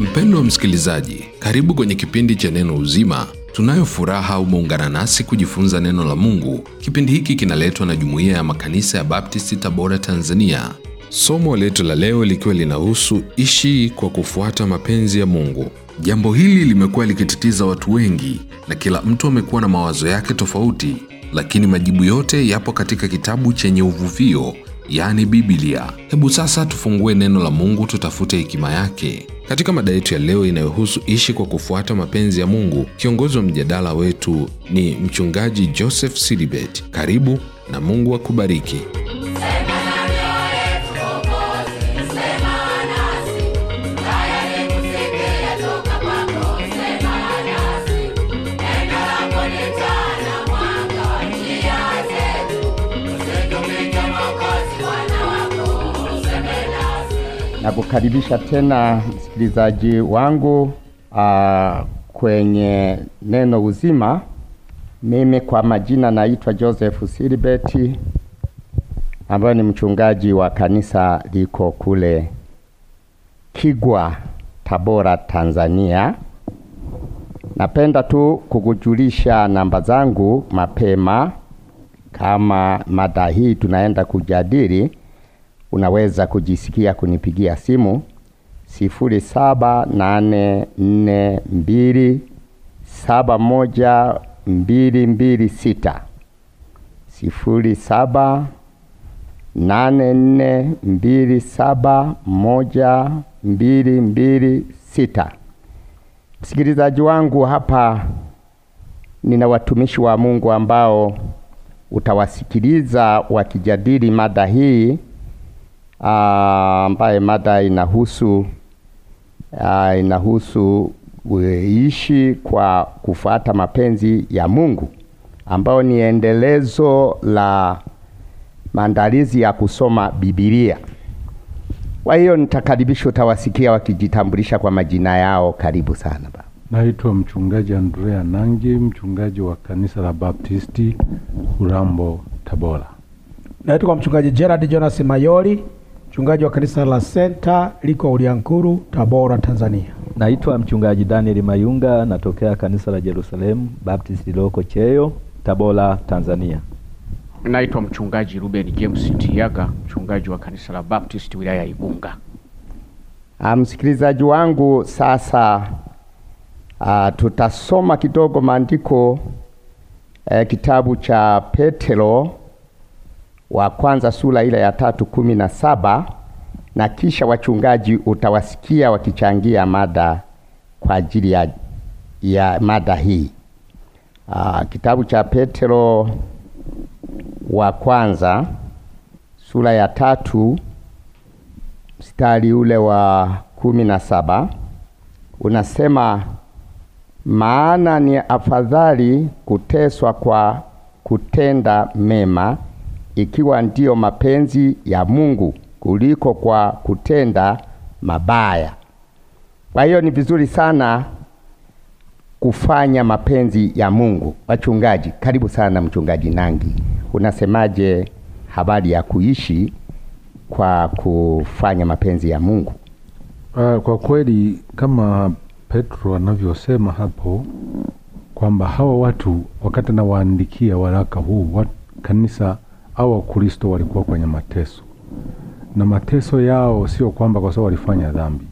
Mpendo wa msikilizaji, karibu kwenye kipindi cha Neno Uzima. Tunayo furaha umeungana nasi kujifunza neno la Mungu. Kipindi hiki kinaletwa na Jumuiya ya Makanisa ya Baptisti, Tabora, Tanzania. Somo letu la leo likiwa linahusu ishi kwa kufuata mapenzi ya Mungu. Jambo hili limekuwa likitatiza watu wengi na kila mtu amekuwa na mawazo yake tofauti, lakini majibu yote yapo katika kitabu chenye uvuvio yaani Biblia. Hebu sasa tufungue neno la Mungu, tutafute hekima yake katika mada yetu ya leo inayohusu ishi kwa kufuata mapenzi ya Mungu. Kiongozi wa mjadala wetu ni mchungaji Joseph Silibet. Karibu na Mungu akubariki. na kukaribisha tena msikilizaji wangu uh, kwenye neno uzima. Mimi kwa majina naitwa Joseph Silibeti ambaye ni mchungaji wa kanisa liko kule Kigwa, Tabora, Tanzania. Napenda tu kukujulisha namba zangu mapema, kama mada hii tunaenda kujadili unaweza kujisikia kunipigia simu sifuri saba nane nne mbili saba moja mbili mbili sita sifuri saba nane nne mbili saba moja mbili mbili sita. Msikilizaji wangu, hapa nina watumishi wa Mungu ambao utawasikiliza wakijadili mada hii Ah, ambaye mada inahusu ah, inahusu uishi kwa kufuata mapenzi ya Mungu ambayo ni endelezo la maandalizi ya kusoma Biblia. Kwa hiyo nitakaribisha, utawasikia wakijitambulisha kwa majina yao. Karibu sana ba. Naitwa mchungaji Andrea Nangi, mchungaji wa kanisa la Baptisti Urambo, Tabora. Naitwa mchungaji Gerard Jonas Mayori, mchungaji wa kanisa la Senta liko Uliankuru, Tabora, Tanzania. Naitwa mchungaji Daniel Mayunga, natokea kanisa la Jerusalemu Baptist liloko Cheyo, Tabora, Tanzania. Naitwa mchungaji Ruben James Tiaga, mchungaji wa kanisa la Baptist wilaya ya Igunga. Ah, msikilizaji wangu, sasa a, ah, tutasoma kidogo maandiko e, kitabu cha Petero wa kwanza sura ile ya tatu kumi na saba na kisha wachungaji utawasikia wakichangia mada kwa ajili ya, ya mada hii. Aa, ah, kitabu cha Petro wa kwanza sura ya tatu mstari ule wa kumi na saba unasema, maana ni afadhali kuteswa kwa kutenda mema ikiwa ndiyo mapenzi ya Mungu kuliko kwa kutenda mabaya. Kwa hiyo ni vizuri sana kufanya mapenzi ya Mungu. Wachungaji, karibu sana mchungaji Nangi, unasemaje habari ya kuishi kwa kufanya mapenzi ya Mungu? Uh, kwa kweli kama Petro anavyosema hapo kwamba hawa watu wakati anawaandikia waraka huu wat, kanisa au Wakristo walikuwa kwenye mateso, na mateso yao sio kwamba kwa sababu walifanya dhambi,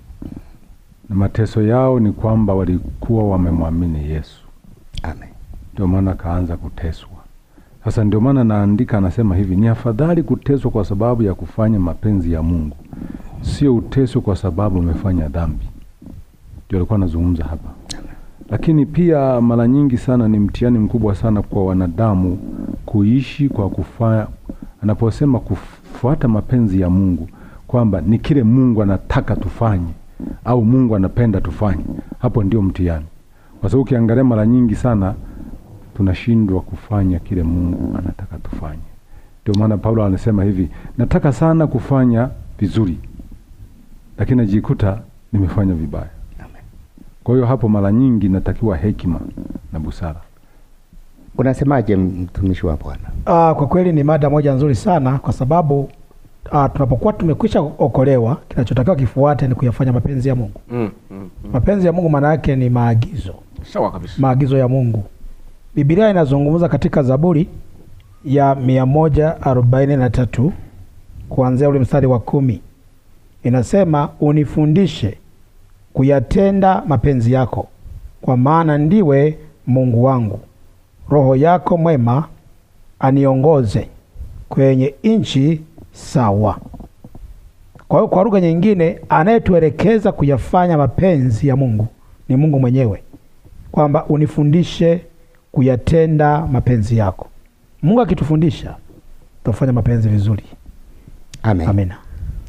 na mateso yao ni kwamba walikuwa wamemwamini Yesu. Amen. Ndio maana kaanza kuteswa. Sasa ndio maana naandika, anasema hivi, ni afadhali kuteswa kwa sababu ya kufanya mapenzi ya Mungu, sio uteswe kwa sababu umefanya dhambi. Ndio alikuwa anazungumza hapa. Lakini pia mara nyingi sana ni mtihani mkubwa sana kwa wanadamu kuishi kwa kufanya, anaposema kufuata mapenzi ya Mungu, kwamba ni kile Mungu anataka tufanye au Mungu anapenda tufanye. Hapo ndio mtihani, kwa sababu ukiangalia mara nyingi sana tunashindwa kufanya kile Mungu anataka tufanye. Ndio maana Paulo anasema hivi, nataka sana kufanya vizuri, lakini najikuta nimefanya vibaya. Kwa hiyo hapo mara nyingi natakiwa hekima na busara. Unasemaje mtumishi wa Bwana? Ah, kwa kweli ni mada moja nzuri sana kwa sababu ah, tunapokuwa tumekwisha okolewa kinachotakiwa kifuate ni kuyafanya mapenzi ya Mungu. mm, mm, mm. Mapenzi ya Mungu maana yake ni maagizo. Sawa kabisa. Maagizo ya Mungu. Biblia inazungumza katika Zaburi ya mia moja arobaini na tatu kuanzia ule mstari wa kumi inasema unifundishe kuyatenda mapenzi yako, kwa maana ndiwe Mungu wangu. Roho yako mwema aniongoze kwenye nchi sawa. Kwa hiyo, kwa lugha nyingine, anayetuelekeza kuyafanya mapenzi ya Mungu ni Mungu mwenyewe, kwamba unifundishe kuyatenda mapenzi yako. Mungu akitufundisha tutafanya mapenzi vizuri. Amen. Amina.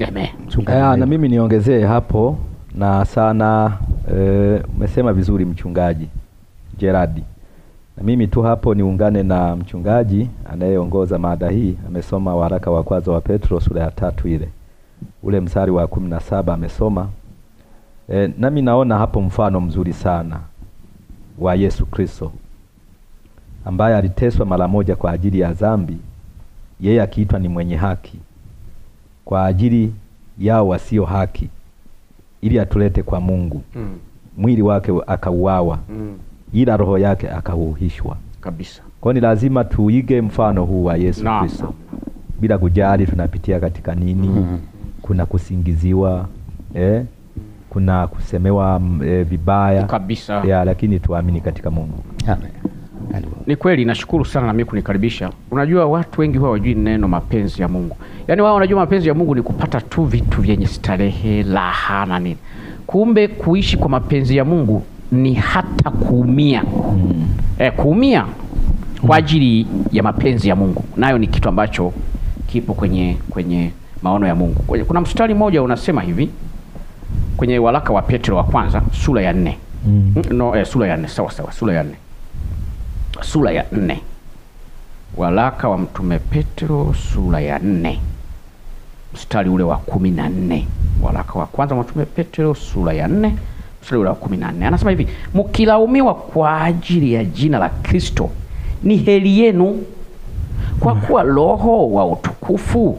Amen. Amen. Aya, na mimi niongezee hapo na sana e, umesema vizuri mchungaji Gerard, na mimi tu hapo niungane na mchungaji anayeongoza mada hii. Amesoma waraka wa kwanza wa Petro sura ya tatu ile ule msari wa kumi na saba amesoma e, nami naona hapo mfano mzuri sana wa Yesu Kristo ambaye aliteswa mara moja kwa ajili ya dhambi, yeye akiitwa ni mwenye haki kwa ajili yao wasio haki ili atulete kwa Mungu mm. mwili wake akauawa mm. ila roho yake akahuhishwa kabisa. Kwa ni lazima tuige mfano huu wa Yesu Kristo bila kujali tunapitia katika nini mm. kuna kusingiziwa eh? kuna kusemewa mm, eh, vibaya kabisa. Ya, lakini tuamini katika Mungu Amen. Ni kweli, nashukuru sana na mimi kunikaribisha. Unajua, watu wengi huwa wajui neno mapenzi ya Mungu, yaani wao wanajua mapenzi ya Mungu ni kupata tu vitu vyenye starehe, raha na nini. Kumbe kuishi kwa mapenzi ya Mungu ni hata kuumia, hmm. E, kuumia kwa hmm. ajili ya mapenzi ya Mungu nayo ni kitu ambacho kipo kwenye kwenye maono ya Mungu. Kuna mstari mmoja unasema hivi kwenye waraka wa Petro wa kwanza sura ya nne. Mm. No, eh, sura ya nne sawa sawa, sura ya nne sura ya nne walaka wa mtume Petro sura ya nne mstari ule wa kumi na nne walaka wa kwanza wa mtume Petro sura ya nne mstari ule wa kumi na nne anasema hivi, mkilaumiwa kwa ajili ya jina la Kristo ni heri yenu, kwa kuwa Roho wa utukufu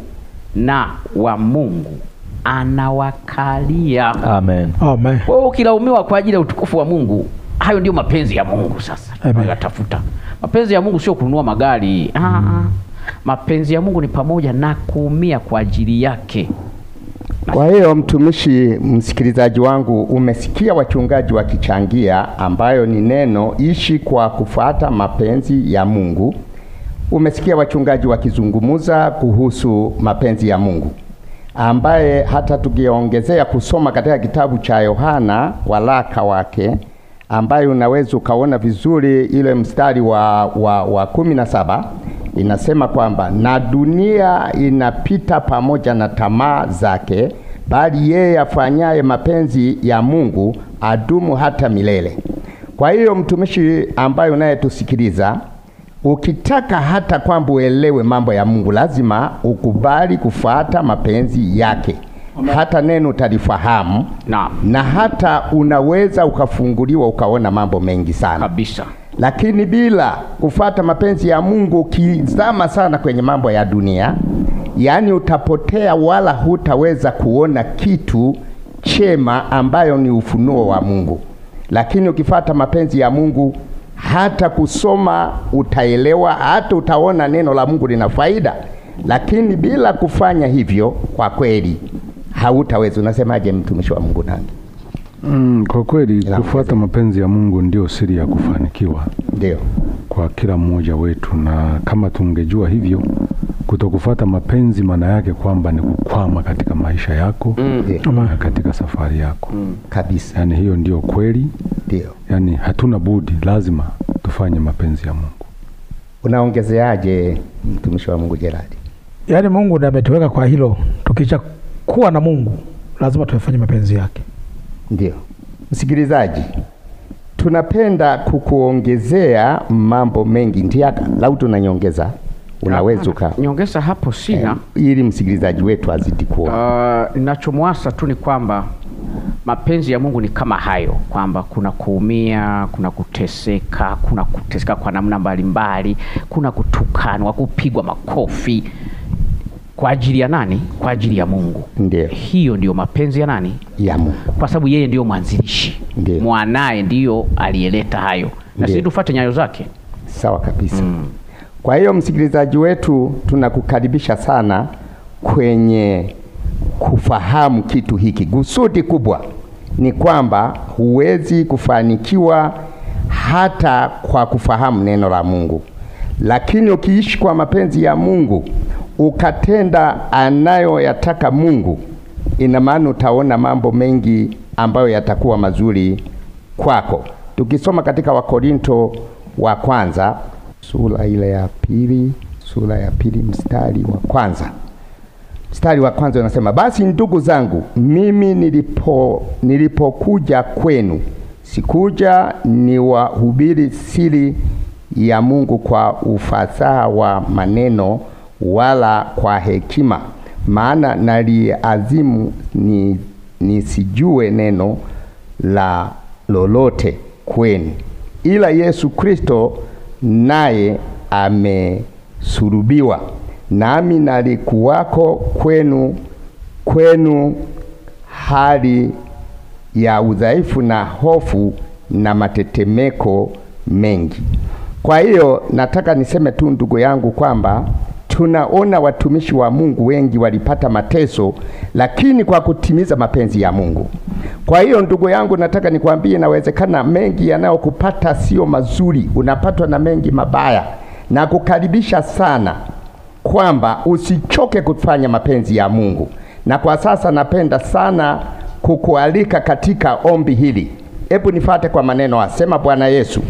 na wa Mungu anawakalia. Amen. Amen. Kwa ukilaumiwa kwa ajili ya utukufu wa Mungu, hayo ndiyo mapenzi ya Mungu sasa Ah, Yatafuta. Mapenzi ya Mungu sio kununua magari mm. ah, mapenzi ya Mungu ni pamoja na kuumia kwa ajili yake. Kwa hiyo mtumishi, msikilizaji wangu, umesikia wachungaji wakichangia, ambayo ni neno ishi kwa kufuata mapenzi ya Mungu. Umesikia wachungaji wakizungumuza kuhusu mapenzi ya Mungu, ambaye hata tukiongezea kusoma katika kitabu cha Yohana walaka wake ambayo unaweza ukaona vizuri ile mstari wa, wa, wa kumi na saba inasema kwamba na dunia inapita pamoja na tamaa zake, bali yeye afanyaye mapenzi ya Mungu adumu hata milele. Kwa hiyo mtumishi ambaye unayetusikiliza, ukitaka hata kwamba uelewe mambo ya Mungu, lazima ukubali kufuata mapenzi yake hata neno utalifahamu na, na hata unaweza ukafunguliwa ukaona mambo mengi sana kabisa, lakini bila kufata mapenzi ya Mungu ukizama sana kwenye mambo ya dunia, yaani utapotea wala hutaweza kuona kitu chema ambayo ni ufunuo wa Mungu. Lakini ukifata mapenzi ya Mungu hata kusoma utaelewa, hata utaona neno la Mungu lina faida, lakini bila kufanya hivyo, kwa kweli hautawezi. Unasemaje mtumishi wa Mungu nani? Mm, kwa kweli kufuata mapenzi ya Mungu ndio siri ya kufanikiwa. Ndio. Kwa kila mmoja wetu na kama tungejua hivyo kutokufuata mapenzi maana yake kwamba ni kukwama katika maisha yako mm. katika safari yako mm. kabisa. Yaani hiyo ndio kweli. Ndio. Yaani hatuna budi, lazima tufanye mapenzi ya Mungu. Unaongezeaje mtumishi wa Mungu Jeradi? Yaani Mungu ndiye ametuweka kwa hilo, tukicha kuwa na Mungu lazima tuyafanye mapenzi yake. Ndio msikilizaji, tunapenda kukuongezea mambo mengi ndiaka lau tunanyongeza unaweza ka nyongeza hapo sina eh, ili msikilizaji wetu azidi kuona. Uh, ah, ninachomwasa tu ni kwamba mapenzi ya Mungu ni kama hayo kwamba kuna kuumia, kuna kuteseka, kuna kuteseka kwa namna mbalimbali, kuna kutukanwa, kupigwa makofi kwa ajili ya nani? Kwa ajili ya Mungu. Ndiyo. Hiyo ndiyo mapenzi ya nani? Ya Mungu, kwa sababu yeye ndiyo mwanzilishi. Mwanaye ndiyo aliyeleta hayo, na sisi tufuate nyayo zake. Sawa kabisa. Mm. Kwa hiyo msikilizaji wetu, tunakukaribisha sana kwenye kufahamu kitu hiki. Kusudi kubwa ni kwamba huwezi kufanikiwa hata kwa kufahamu neno la Mungu, lakini ukiishi kwa mapenzi ya Mungu ukatenda anayoyataka Mungu, ina maana utaona mambo mengi ambayo yatakuwa mazuri kwako. Tukisoma katika Wakorinto wa kwanza sura ile ya pili sura ya pili mstari wa kwanza mstari wa kwanza unasema, basi ndugu zangu, mimi nilipo nilipokuja kwenu sikuja niwahubiri siri ya Mungu kwa ufasaha wa maneno wala kwa hekima, maana naliazimu ni nisijue neno la lolote kwenu ila Yesu Kristo naye amesulubiwa. Nami nalikuwako kwenu kwenu hali ya udhaifu na hofu na matetemeko mengi. Kwa hiyo nataka niseme tu ndugu yangu kwamba tunaona watumishi wa Mungu wengi walipata mateso, lakini kwa kutimiza mapenzi ya Mungu. Kwa hiyo ndugu yangu, nataka nikwambie, inawezekana mengi yanayokupata sio mazuri, unapatwa na mengi mabaya, na kukaribisha sana kwamba usichoke kufanya mapenzi ya Mungu. Na kwa sasa napenda sana kukualika katika ombi hili. Hebu nifate kwa maneno, asema Bwana Yesu,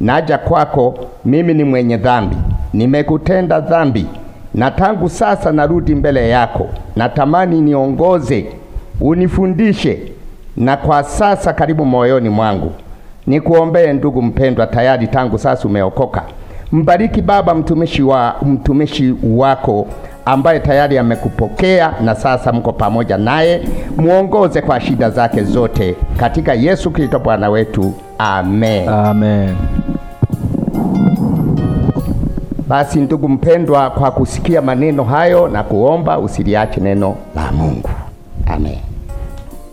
naja kwako, mimi ni mwenye dhambi nimekutenda dhambi, na tangu sasa narudi mbele yako. Natamani niongoze, unifundishe, na kwa sasa karibu moyoni mwangu. Nikuombee ndugu mpendwa, tayari tangu sasa umeokoka. Mbariki Baba mtumishi wa mtumishi wako ambaye tayari amekupokea na sasa mko pamoja naye, muongoze kwa shida zake zote, katika Yesu Kristo Bwana wetu, amen, amen. Basi ndugu mpendwa, kwa kusikia maneno hayo na kuomba usiliache neno la Mungu. Amen.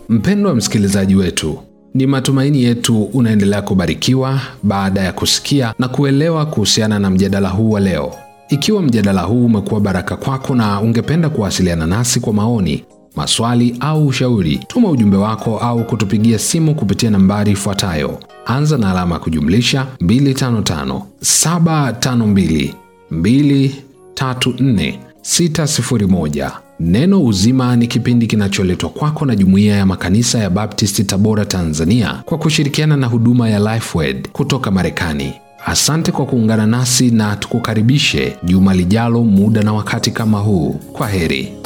Mpendwa msikilizaji wetu, ni matumaini yetu unaendelea kubarikiwa baada ya kusikia na kuelewa kuhusiana na mjadala huu wa leo. Ikiwa mjadala huu umekuwa baraka kwako na ungependa kuwasiliana nasi kwa maoni, maswali au ushauri, tuma ujumbe wako au kutupigia simu kupitia nambari ifuatayo: anza na alama ya kujumlisha 255 752 234 Neno Uzima ni kipindi kinacholetwa kwako na Jumuiya ya Makanisa ya Baptisti Tabora, Tanzania, kwa kushirikiana na huduma ya Lifewed kutoka Marekani. Asante kwa kuungana nasi na tukukaribishe juma lijalo, muda na wakati kama huu. Kwa heri.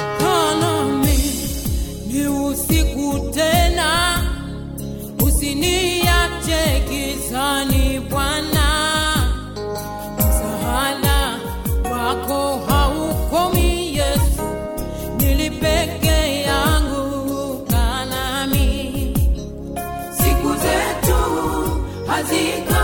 Body.